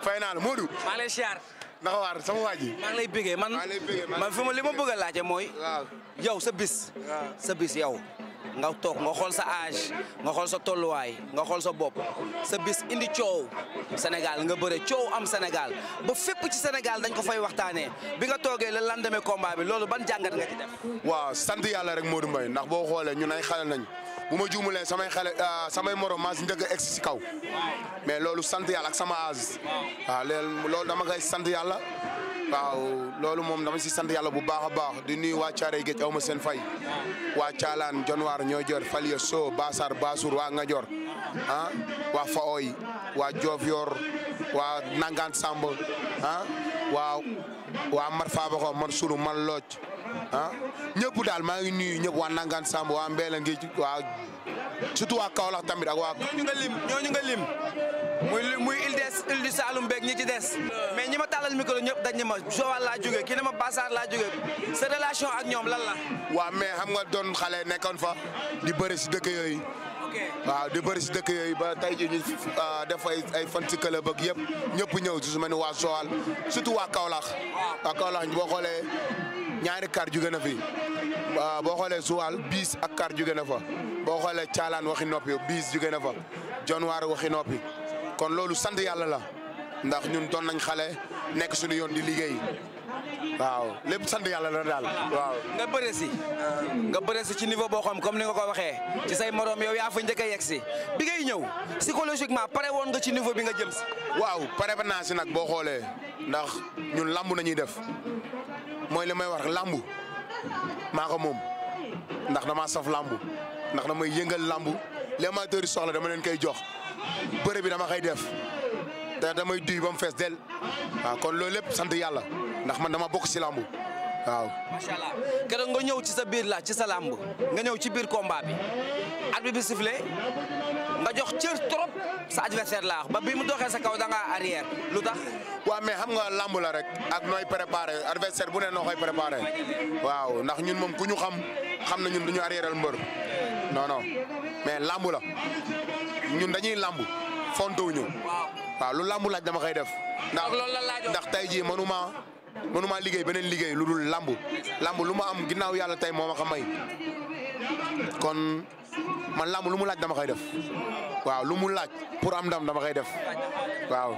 fay naa la Modou. maa ngi lay siyaar. naka waar sama waa ji. man man fi ma li ma bëgg a mooy. yow sa bis. sa bis yow. nga toog nga xool sa âge nga xool sa tolluwaay nga xool sa bopp sa bis indi coow Sénégal nga bëre coow am Sénégal ba fépp ci Sénégal dañ ko fay waxtaanee bi nga toogee le lendemain combat bi loolu ban jàngat nga ci waaw sant yàlla rek Modou Mbaye ndax boo xoolee ñun ay xale nañ bu ma juumalee samay xale euh, samay morom maa si njëkk a si kaw mais loolu sant yal ak sama âge waaw loolu dama koy sant yàlla waaw loolu moom dama si sant yàlla bu baax a baax di nuyu waa Caaray Géej aw ma seen fay waa Caalaan Jonwaar ñoo jor Falya So Basar Basur waa Ngajor ah waa Faoy waa Diofior waa Nangaan Samb ah waa waa Marfa Bako man sulu man Lodj. ah ñëpp daal maa ngi nuyu ñëpp waa Nangaan Samb waa Mbeel ngi waa surtout waa Kaolack tamit ak waa. ñooñu nga lim ñooñu nga lim muy muy il des il du Saloum beeg ñi ci des. mais ñi ma tàllal micro ñëpp dañ ne ma laa jógee kii ne ma Bassar laa jógee sa relation ak ñoom lan la. waa mais xam nga doon xale nekkoon fa di bëri si dëkk yooyu. waaw di bëri si dëkk yooyu ba tey jii ñu ah, def ay ay fan si club ak yëpp ñëpp ñëw si su ma waa Joal surtout waa Kaolack waa Kaolack boo xoolee ñaari kaar jóge na fi boo xoolee Joal biis ak kar jóge na fa boo xoolee Thialane waxi noppi biis jóge na fa Dionewar waxi noppi kon loolu sant yàlla la ndax ñun doon nañ xale nekk suñu yoon di liggéey waaw lépp sant yàlla la daal waaw. nga bëre si. nga bëre ci niveau boo xam comme ni nga ko waxee ci say morom yow yaa fa njëkk a yegg si bi ngay ñëw psychologiquement pare woon nga ci niveau bi nga jëm si. waaw pare naa si nag boo xoolee ndax ñun lamb ñuy def mooy li may wax lamb maa ko moom ndax damaa saf lamb ndax damay yëngal lamb les amateurs yi soxla dama leen koy jox bëre bi dama koy def te damay duy ba mu del waaw kon loolu lépp sant yàlla. ndax man dama bokk si làmb waaw. macha allah nga ñëw ci sa biir la ci sa làmb nga ñëw ci biir combat bi arbitre bi sifflé nga jox cër trop sa adversaire laax ba bi mu doxee sa kaw da ngaa arrière lu tax. waaw mais xam nga làmb la rek ak nooy préparé adversaire bu ne noo koy préparé waaw ndax ñun moom ku ñu xam xam na ñun du ñu arriéral mbër non non mais làmb la ñun dañuy làmb fontewuñu waaw lu làmb laaj dama koy def. ndax loolu la laajoo mënumaa liggéey beneen liggéey lu dul lamb lamb lu ma am ginnaaw yàlla tey moo ma ko may kon man làmb lu mu laaj dama koy def waaw lu mu laaj pour am ndam dama koy def waaw.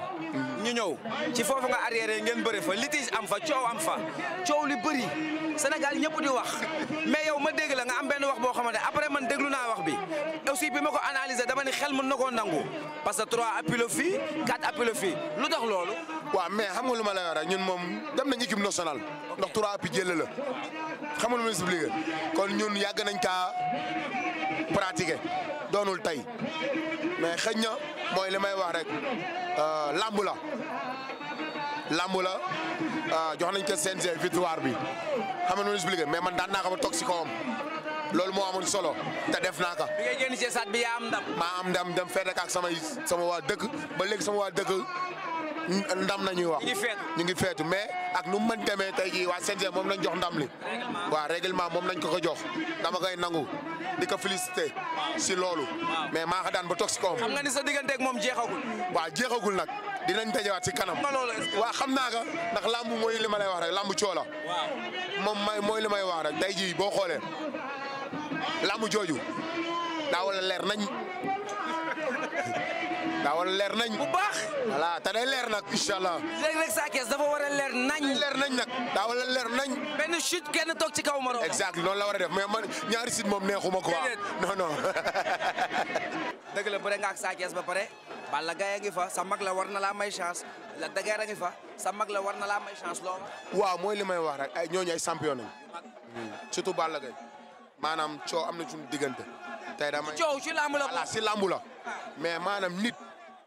ñu ñëw ci foofu nga arrière ngeen bëri fa litige am fa coow am fa coow li bëri Sénégal ñëpp di wax mais yow ma dégg la nga am benn wax boo ne après man déglu naa wax bi aussi bi ma ko analyser dama ni xel mën na koo nangu parce que trois appui la fii quatre lu tax loolu. waaw mais xam nga lu ma lay wax rek ñun moom dem na équipe nationale ndax trois appui jël la xam nga lu ma expliqué kon yàgg nañ kaa. pratiquer doonul tey mais xëj na mooy li may wax rek euh, làmb la làmb la euh, jox nañ ko CNG victoire bi xam nga nu expliqué mais man daan naa ko ba toog loolu moo amoon solo te def naa ko. bi ngay bi am ndam. maa am ndam dem fête ak samay sama waa dëkk ba léegi sama waa dëkk ndam na ñuy wax. ñu ngi feetu ñu ngi feetu mais ak nu mu mën demee tey jii waa CNG moom lañ jox ndam li. waa règlement moom lañ ko ko jox dama koy nangu. di ko félicité si loolu. mais maa ko daan ba toog si kawam. xam nga ni sa digganteeg moom jeexagul. waa jeexagul nag dinañ dajewaat si kanam. waa xam naa ko ndax lamb mooy li ma lay wax rek lamb coola. moom may mooy li may wax rek day ji boo xoolee lamb jooju daa wala leer nañ. daa war a leer nañ. bu baax. voilà te day leer nag incha allah. Reug Reug Sa dafa war a leer nañ. leer nañ daa war leer nañ. benn chute kenn toog ci kaw moroom. exact loolu la war a def mais man ñaari sit moom neexuma quoi. non non. dëgg la bëre nga ak Sa Thiès ba pare. Balla Gaye a fa sa mag la war na laa may chance la Daguerre fa sa mag la war na laa may chance lool. waaw mooy li may wax rek ay ñooñu ay champion nañ. Hmm. surtout Balla Gaye maanaam coow am na suñu diggante. tey damay ah. nit.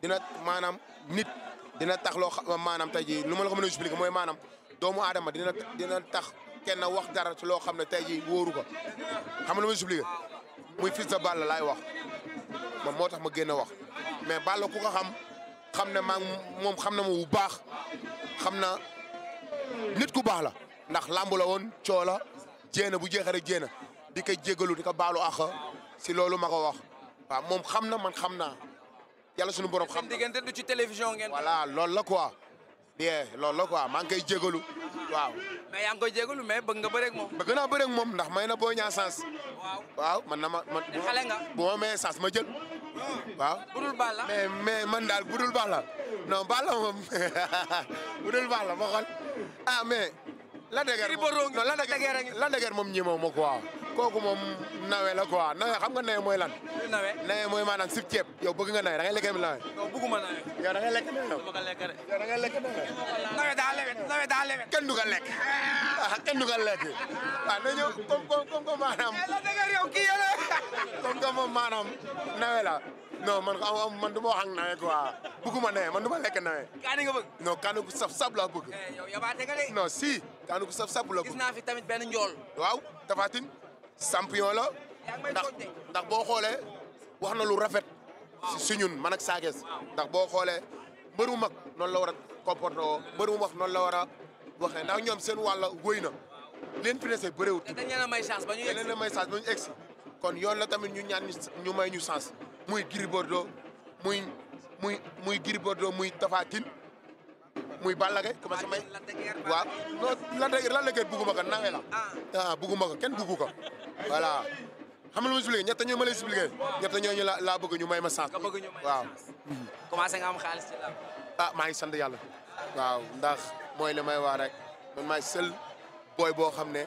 dina maanaam nit dina tax loo maanaam tey jii lu ma la ko mën a expliquer mooy maanaam doomu aadama dina dina tax kenn wax dara ci loo xam ne tey jii wóoru ko xam nga lu ma expliquer muy Fils laay wax man moo tax ma génn wax mais Balla ku ko xam xam ne maa moom xam na ma bu baax xam na nit ku baax la ndax làmb la woon coo jéena bu jeexee rek jéena di ko jégalu di ko baalu àq si loolu ma ko wax waaw moom xam na man xam naa. yàlla suñu borom xam diggante du ci télévision ngeen. voilà loolu la quoi. bien loolu la maa ngi koy jégalu waaw. mais yaa ngi koy jégalu mais bëgg nga bëre ak moom. bëgg naa bëre ak ndax may na booy ñaa sens. waaw waaw man na ma man. xale nga bu ma mayee sens ma jël. waaw budul baal la mais mais man daal budul baal la non baal la moom budul baal la ma xool ah mais. la dëgër moom la dëgër moom ñemewu ma quoi. kooku moom nawe la quoi nawe xam nga nawe mooy lan. nawe nawe mooy maanaam sib ceeb. yow bëgg nga nawe da ngay lekk nawe. non bëgguma nawe. yow da ngay lekk nawe. dama ko lekk de. yow da ngay lekk nawe. nawe daa lewet nawe daa lewet. kenn du ko lekk ah kenn du ko lekk waaw ah, na ñëw comme comme comme maanaam. la dëgg yow kii yële. comme que moom maanaam nawe la. non man xam man du ma wax ak nawe quoi bëgguma nawe man du ma lekk nawe. kaani nga bëgg. non kaani gu saf saf laa bëgg. Eh, yow yabaate nga de. non si kaani gu saf saf la bëgg. gis naa fi tamit benn njool. waaw Tapha Tine champion la. ndax ndax boo xoolee wax na lu rafet. si ñun man ak Sathies ndax boo xoolee mbër mu mag noonu la war a comporté mbër mu wax noonu la war a waxee ndax ñoom seen wàll wëy na leen fi dese bëreewut. te dañ leen may chance ba ñu egsi dañ leen may chance ba ñu kon yoon la tamit ñu ñaan ñu may ñu chance muy Gris doo muy muy muy Gris Bordeaux muy Tapha muy Balla Gaye commencé may waaw non Lac de Guiers Lac de Guiers bugguma ko nawe la ah. Ah, ah bugguma ko kenn buggu ko voilà xam nga lu ma expliqué ñett ñoo ma lay expliqué ñett ñooñu la laa bëgg ñu may ma chance waaw commencé nga am xaalis ci ah, maa ngi sant yàlla waaw ndax mooy la may wax rek man maay seul booy boo xam ne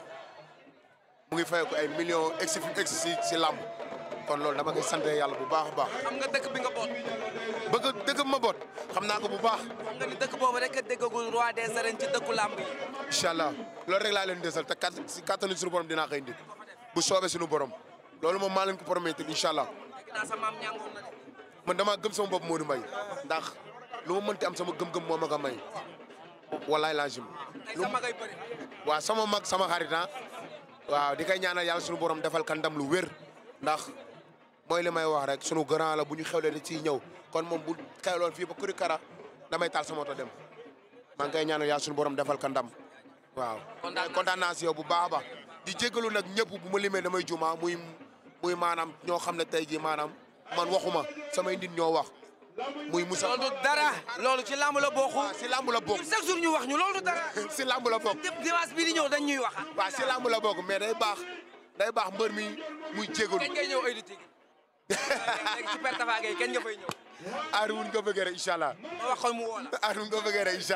mu ngi fay ko ay millions ex ex si si kon loolu dama koy sant yàlla bu baax a baax. xam xam naa ko bu baax. xam nga dëkk boobu rek a déggagul roi des arènes ci dëkku làmb yi. incha allah loolu rek laa leen desal te kat si kattanu suñu borom dinaa koy indi bu soobee suñu borom loolu moom maa leen ko promettre incha allah. man damaa gëm sama bopp Modou Mbaye ndax lu ma mënti am sama gëm-gëm moo ma ko may. wallaay laajim. lu ma waaw sama mag sama xarit ah. waaw di koy ñaanal yàlla suñu borom defal kandam lu wér ndax. mooy li may wax rek sunu grand la bu ñu xewlee di ciy ñëw kon moom bu xewloon fii ba kuri kara damay taal sama moto dem maa ngi koy ñaanal yaa sunu borom defal ka ndam waaw. kontaan naa si bu baax a baax di jégalu nag ñëpp bu ma limee damay juma muy muy maanaam ñoo xam ne tey jii maanaam man waxuma sama nit ñoo wax. muy Moussa loolu dara loolu ci lamb la bokk. si lamb la bokk ñun chaque jour wax ñu loolu si lamb la bokk ñëpp dimanche bii di ñëw dañ ñuy wax. waaw si lamb la bokk day baax day baax mbër mi muy jégalu. kañ ngay ñëw léegi ci Père Tapha Gueye kenn ma wax ko mu woo la. aar wuñ ko bëggee rek incha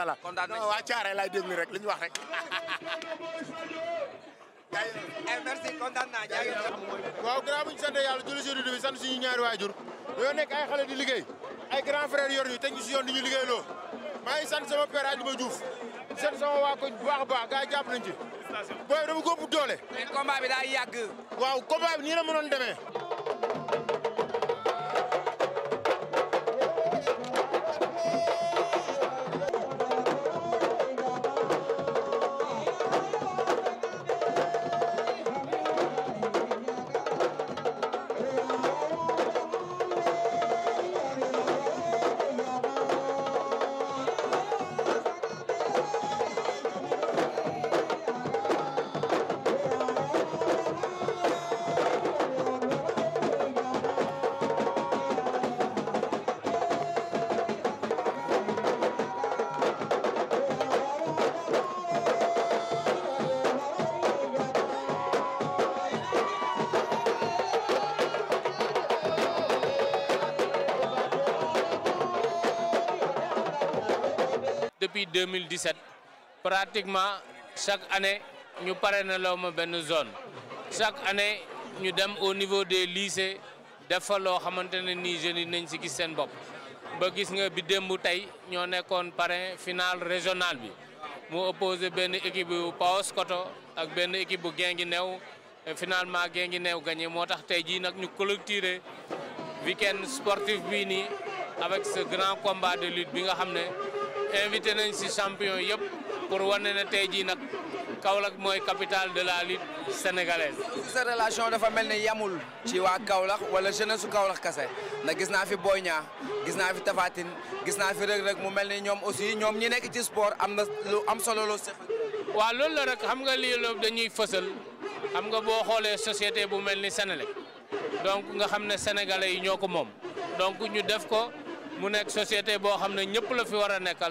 allah. kontaan nañ rek li ñu wax rek. jaajëf eh, merci kontaan naa jaajëf. waaw gannaaw bi ñu sant si bi sant suñu ñaari waajur. dañoo nekk ay xale liggéey. ay grand frère yor ñu ñu si yoon di ñu liggéey loo. maa ngi sant sama père Adjuma Diouf. di sama waa koñ bu baax a baax gars yi jàpp nañ ci. booy dama góob doole. mais combat bi daa yàgg. waaw combat bi Thank you. depuis 2017 pratiquement chaque année ñu pare na loo ma benn zone chaque année ñu dem au niveau des lycées def fa loo xamante ne nii jeunes yi nañ si gis seen bopp ba gis nga bi démb tey ñoo nekkoon parrain final régional bi mu opposé benn équipe bu Paos Koto ak benn équipe bu Guinguinéo finalement Guinguinéo gagné moo tax tey jii nag ñu clôturer week sportif bii nii avec ce grand combat de lutte bi nga xam invité nañ si champion yëpp pour wane ne tey jii nag Kaolack mooy capitale de la lutte sénégalaise. sa dafa mel ni yamul ci waa Kaolack wala jeunesse su Kaolack kase ndax gis naa fi Boy Niang gis naa fi Tapha gis naa fi Reug Reug mu mel ni ñoom aussi ñoom ñi nekk ci sport am na lu am solo loo seq. waaw loolu la rek xam nga lii loolu dañuy fësal xam nga boo xoolee société bu mel ni senele donc nga xam ne sénégalais yi ñoo ko moom donc ñu def ko mu nekk société boo xam ne ñëpp la fi war